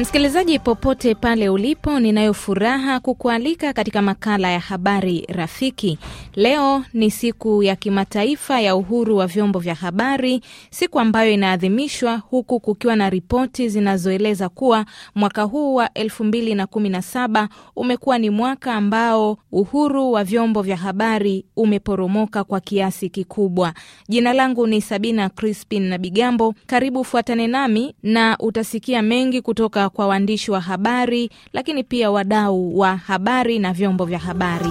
Msikilizaji popote pale ulipo, ninayo furaha kukualika katika makala ya habari rafiki. Leo ni siku ya kimataifa ya uhuru wa vyombo vya habari, siku ambayo inaadhimishwa huku kukiwa na ripoti zinazoeleza kuwa mwaka huu wa 2017 umekuwa ni mwaka ambao uhuru wa vyombo vya habari umeporomoka kwa kiasi kikubwa. Jina langu ni Sabina Crispin na Bigambo, karibu fuatane nami na utasikia mengi kutoka kwa waandishi wa habari, lakini pia wadau wa habari na vyombo vya habari?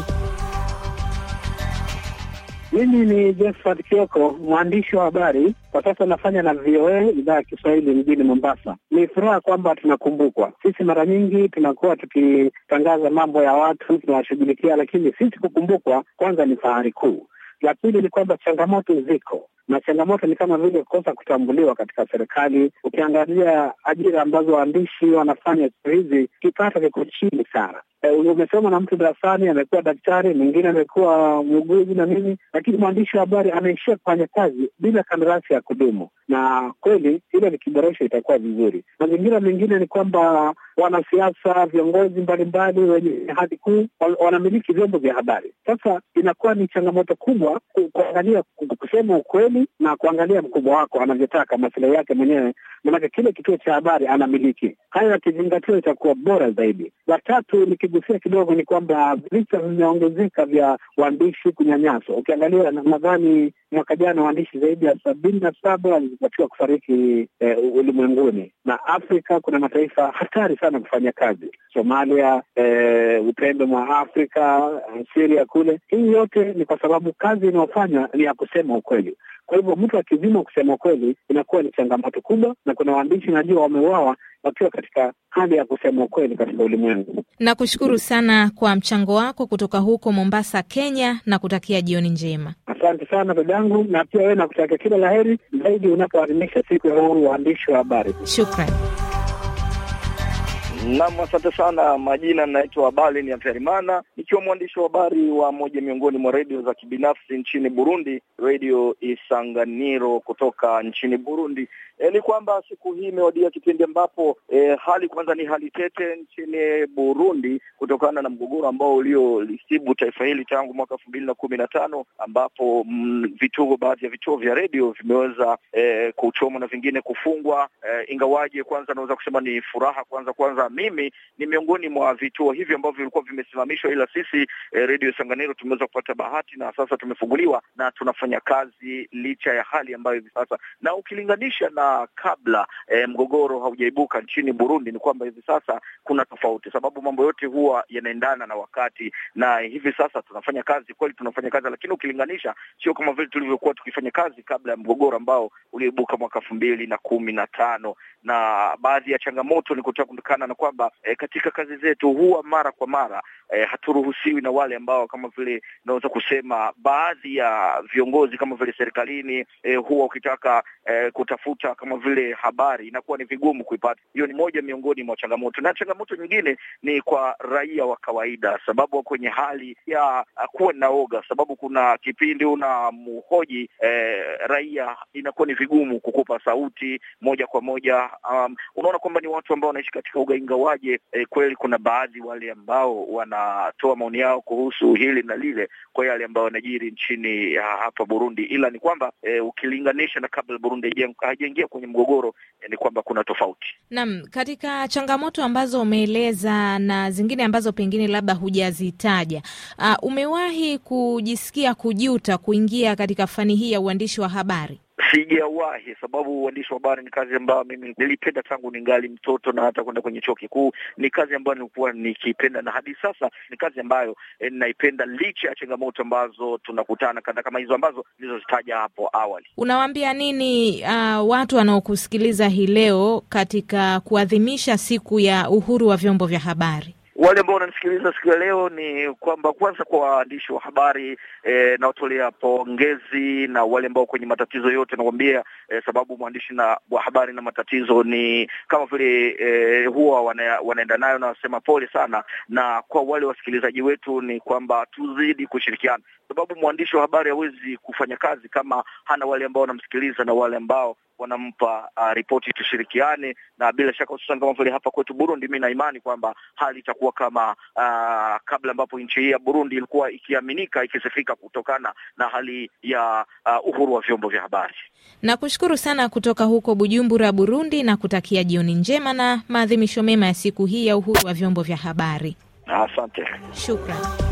Mimi ni Josephat Kioko, mwandishi wa habari kwa sasa nafanya na VOA idhaa ya Kiswahili mjini Mombasa. Ni furaha kwamba tunakumbukwa. Sisi mara nyingi tunakuwa tukitangaza mambo ya watu tunawashughulikia, lakini sisi kukumbukwa kwanza ni fahari kuu. La pili ni kwamba changamoto ziko na changamoto ni kama vile kukosa kutambuliwa katika serikali. Ukiangalia ajira ambazo waandishi wanafanya siku hizi, kipato kiko chini sana. E, umesoma na mtu darasani, amekuwa daktari, mwingine amekuwa muuguzi na nini, lakini mwandishi wa habari anaishia kufanya kazi bila kandarasi ya kudumu, na kweli hilo kiboresho, itakuwa vizuri. Mazingira mengine ni kwamba wanasiasa, viongozi mbalimbali wenye hadhi kuu wanamiliki vyombo vya habari. Sasa inakuwa ni changamoto kubwa kuangalia, kusema ukweli na kuangalia mkubwa wako anavyotaka masilahi yake mwenyewe, manake kile kituo cha habari anamiliki. Hayo yakizingatiwa itakuwa bora zaidi. La tatu, nikigusia kidogo, ni kwamba visa vimeongezeka vya waandishi kunyanyaswa. Ukiangalia, nadhani mwaka jana waandishi zaidi ya sabini na saba walipatiwa kufariki eh, ulimwenguni na Afrika kuna mataifa hatari sana kufanya kazi Somalia, e, upembe mwa Afrika, Syria kule. Hii yote ni kwa sababu kazi inayofanywa ni ya kusema ukweli. Kwa hivyo mtu akizima kusema ukweli inakuwa ni changamoto kubwa, na kuna waandishi najua wameuawa wakiwa katika hali ya kusema ukweli katika ulimwengu. Nakushukuru sana kwa mchango wako kutoka huko Mombasa, Kenya, na kutakia jioni njema. Asante sana dadangu, na pia wewe nakutakia kila la heri zaidi unapoadhimisha siku ya uhuru waandishi wa habari. Shukran nam asante sana. Majina naitwa Balin ya Ferimana, nikiwa mwandishi wa habari wa moja miongoni mwa redio za kibinafsi nchini Burundi, redio Isanganiro kutoka nchini Burundi. E, ni kwamba siku hii imewadia kipindi ambapo e, hali kwanza ni hali tete nchini Burundi kutokana na mgogoro ambao uliolisibu taifa hili tangu mwaka elfu mbili na kumi na tano ambapo mm, vituo baadhi ya vituo vya redio vimeweza e, kuchomwa na vingine kufungwa e, ingawaje kwanza naweza kusema ni furaha kwanza kwanza mimi ni miongoni mwa vituo hivi ambavyo vilikuwa vimesimamishwa, ila sisi eh, redio Sanganiro tumeweza kupata bahati na sasa tumefunguliwa na tunafanya kazi licha ya hali ambayo hivi sasa, na ukilinganisha na kabla eh, mgogoro haujaibuka nchini Burundi, ni kwamba hivi sasa kuna tofauti, sababu mambo yote huwa yanaendana na wakati, na hivi sasa tunafanya kazi kweli, tunafanya kazi, lakini ukilinganisha sio kama vile tulivyokuwa tukifanya kazi kabla ya mgogoro ambao ulioibuka mwaka elfu mbili na kumi na tano na baadhi ya changamoto ni kutokana na kwamba e, katika kazi zetu huwa mara kwa mara e, haturuhusiwi na wale ambao kama vile naweza kusema baadhi ya viongozi kama vile serikalini e, huwa ukitaka e, kutafuta kama vile habari inakuwa ni vigumu kuipata. Hiyo ni moja miongoni mwa changamoto, na changamoto nyingine ni kwa raia wa kawaida, sababu kwenye hali ya kuwa naoga, sababu kuna kipindi una muhoji e, raia inakuwa ni vigumu kukupa sauti moja kwa moja um, unaona kwamba ni watu ambao wanaishi katika ugaingawaje. E, eh, kweli kuna baadhi wale ambao wanatoa maoni yao kuhusu hili na lile kwa yale ambayo wanajiri nchini uh, hapa Burundi, ila ni kwamba e, ukilinganisha na kabla Burundi haijaingia kwenye mgogoro e, ni kwamba kuna tofauti. Naam, katika changamoto ambazo umeeleza na zingine ambazo pengine labda hujazitaja, uh, umewahi kujisikia kujuta kuingia katika fani hii ya uandishi wa habari? Sijawahi, sababu uandishi wa habari ni kazi ambayo mimi nilipenda tangu ningali mtoto, na hata kwenda kwenye chuo kikuu ni kazi ambayo nilikuwa nikipenda, na hadi sasa ni kazi ambayo ninaipenda, eh, licha ya changamoto ambazo tunakutana kadha kama hizo ambazo nilizozitaja hapo awali. Unawaambia nini uh, watu wanaokusikiliza hii leo katika kuadhimisha siku ya uhuru wa vyombo vya habari? Wale ambao wananisikiliza siku ya leo ni kwamba kwanza, kwa waandishi wa habari e, nawatolea pongezi na wale ambao kwenye matatizo yote nakwambia, e, eh, sababu mwandishi na wa habari na matatizo ni kama vile e, huwa wana, wanaenda nayo na wasema pole sana. Na kwa wale wasikilizaji wetu ni kwamba tuzidi kushirikiana, sababu mwandishi wa habari hawezi kufanya kazi kama hana wale ambao wanamsikiliza na wale ambao wanampa uh, ripoti tushirikiane, na bila shaka hususan kama vile hapa kwetu Burundi, mi na imani kwamba hali itakuwa kama uh, kabla ambapo nchi hii ya Burundi ilikuwa ikiaminika ikisifika kutokana na hali ya uh, uhuru wa vyombo vya habari. Nakushukuru sana kutoka huko Bujumbura, Burundi, na kutakia jioni njema na maadhimisho mema ya siku hii ya uhuru wa vyombo vya habari. Asante, shukran.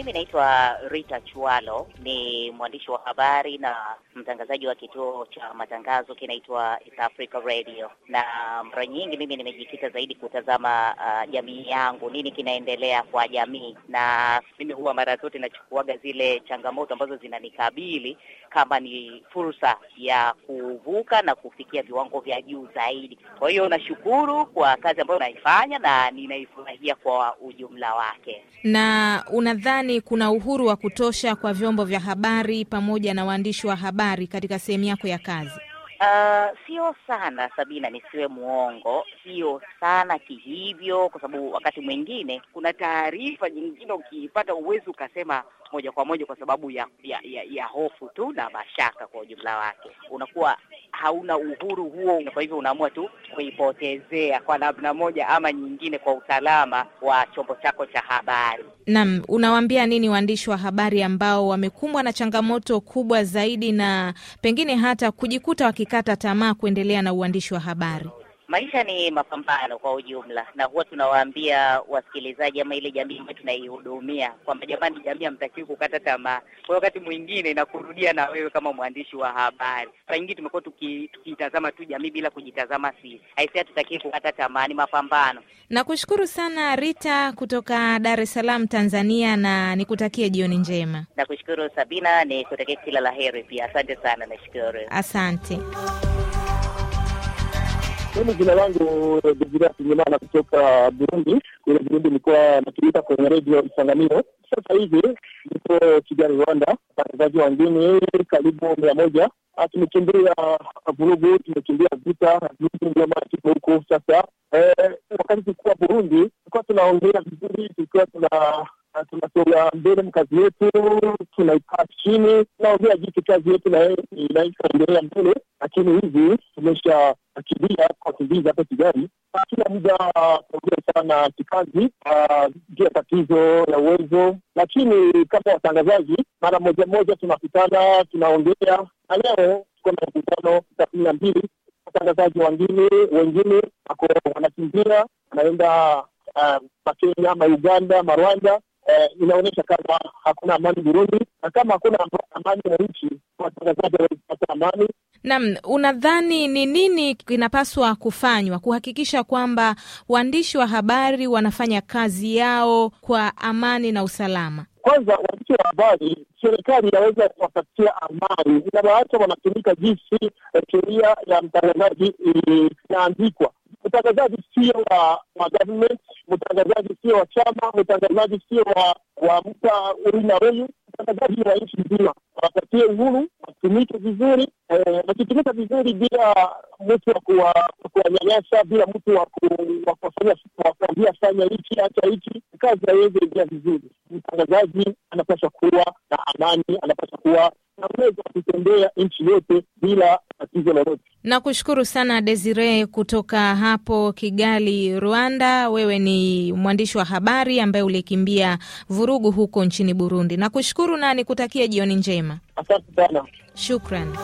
Mimi naitwa Rita Chualo, ni mwandishi wa habari na mtangazaji wa kituo cha matangazo kinaitwa East Africa Radio, na mara nyingi mimi nimejikita zaidi kutazama uh, jamii yangu, nini kinaendelea kwa jamii, na mimi huwa mara zote nachukuaga zile changamoto ambazo zinanikabili kama ni fursa ya kuvuka na kufikia viwango vya juu zaidi. Kwa hiyo nashukuru kwa kazi ambayo naifanya na ninaifurahia kwa ujumla wake. Na unadhani unadhani kuna uhuru wa kutosha kwa vyombo vya habari pamoja na waandishi wa habari katika sehemu yako ya kazi? Uh, sio sana Sabina, nisiwe mwongo sio sana kihivyo, kwa sababu wakati mwingine kuna taarifa nyingine ukiipata uwezi ukasema moja kwa moja kwa sababu ya ya, ya, ya hofu tu na mashaka kwa ujumla wake, unakuwa hauna uhuru huo, kwa hivyo unaamua tu kuipotezea kwa namna moja ama nyingine kwa usalama wa chombo chako cha habari. Naam, unawaambia nini waandishi wa habari ambao wamekumbwa na changamoto kubwa zaidi na pengine hata kujikuta wakikata tamaa kuendelea na uandishi wa habari? Maisha ni mapambano kwa ujumla, na huwa tunawaambia wasikilizaji ama ile jamii ambayo tunaihudumia kwamba jamani, jamii hamtakiwi kukata tamaa. Kwa wakati mwingine inakurudia na wewe kama mwandishi wa habari. Saa nyingi tumekuwa tukiitazama tu jamii bila kujitazama sisi. Aisee, hatutakiwi kukata tamaa, ni mapambano. Nakushukuru sana Rita kutoka Dar es Salaam, Tanzania, na nikutakie jioni njema. Nakushukuru Sabina, nikutakie kila la heri pia. Asante sana, nashukuru, asante. Mimi jina langu Desire Kimimana kutoka Burundi. Kule Burundi nilikuwa natumika kwenye redio Isanganiro. Sasa hivi niko Kigali, Rwanda, Wachezaji wa ngini karibu mia moja. Ah, tumekimbia vurugu, tumekimbia vita vingi, ndio maana tuko huku sasa. Eh, wakati tukuwa Burundi tulikuwa tunaongea vizuri, tulikuwa tuna tunasonga mbele mkazi yetu, tunaikaa chini, tunaongea jinsi kazi yetu naikaendelea mbele, lakini hivi tumesha kukimbia wakimbizi hapo Kigali, kila muda kuongea sana kikazi ah, juu ya tatizo ya uwezo, lakini kama watangazaji mara moja moja tunakutana tunaongea, na leo tuko na mkutano saa kumi na mbili watangazaji wengine wengine wako wanakimbia wanaenda Makenya, ah, mauganda, marwanda. Eh, inaonyesha kama hakuna amani Burundi, na kama hakuna amani ya nchi, watangazaji hawezi kupata amani nam unadhani ni nini kinapaswa kufanywa kuhakikisha kwamba waandishi wa habari wanafanya kazi yao kwa amani na usalama? Kwanza, waandishi wa habari serikali inaweza kuwapatia amani, inawaacha wanatumika jinsi eh, sheria ya mtangazaji eh, inaandikwa. Mtangazaji sio wa wa government, mtangazaji sio wa chama, mtangazaji sio wa wa mta uina huyu, mtangazaji wa nchi nzima. Wapatie uhuru, watumike vizuri Eh, nakitimiza vizuri bila mtu wa kuwanyanyasa, bila mtu wa kuambia fanya hiki hata hiki, kazi haiwezi ingia vizuri. Mtangazaji anapaswa kuwa na amani, anapaswa kuwa na uwezo wa kutembea nchi yote bila tatizo lolote. Nakushukuru sana Desire kutoka hapo Kigali, Rwanda. Wewe ni mwandishi wa habari ambaye ulikimbia vurugu huko nchini Burundi. Nakushukuru na kutakia jioni njema. Asante sana. Shukran.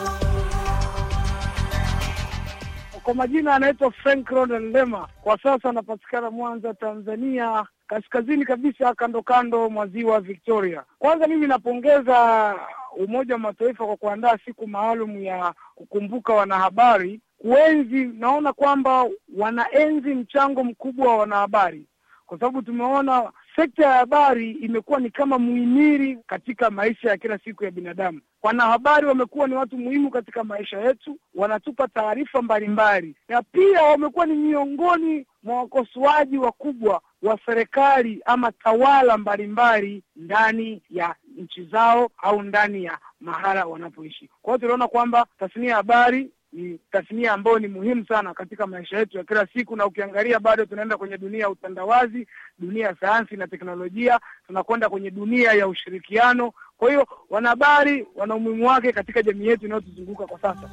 Kwa majina anaitwa Frank Ronald Lema, kwa sasa anapatikana Mwanza, Tanzania, kaskazini kabisa, kando kando mwa ziwa Victoria. Kwanza mimi napongeza Umoja wa Mataifa kwa kuandaa siku maalum ya kukumbuka wanahabari kuenzi. Naona kwamba wanaenzi mchango mkubwa wa wanahabari, kwa sababu tumeona sekta ya habari imekuwa ni kama muhimili katika maisha ya kila siku ya binadamu. Wanahabari wamekuwa ni watu muhimu katika maisha yetu, wanatupa taarifa mbalimbali, na pia wamekuwa ni miongoni mwa wakosoaji wakubwa wa serikali ama tawala mbalimbali ndani ya nchi zao au ndani ya mahala wanapoishi. Kwa hiyo tunaona kwamba tasnia ya habari ni tasnia ambayo ni muhimu sana katika maisha yetu ya kila siku, na ukiangalia bado tunaenda kwenye dunia ya utandawazi, dunia ya sayansi na teknolojia, tunakwenda kwenye dunia ya ushirikiano, kwa hiyo wanahabari wana umuhimu wake katika jamii yetu inayotuzunguka kwa sasa.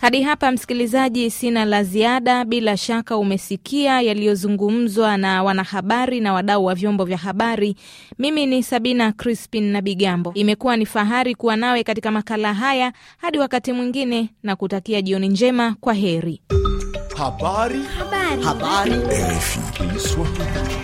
Hadi hapa msikilizaji, sina la ziada. Bila shaka umesikia yaliyozungumzwa na wanahabari na wadau wa vyombo vya habari. Mimi ni Sabina Crispin na Bigambo, imekuwa ni fahari kuwa nawe katika makala haya. Hadi wakati mwingine, na kutakia jioni njema. Kwa heri. habari. Habari. Habari.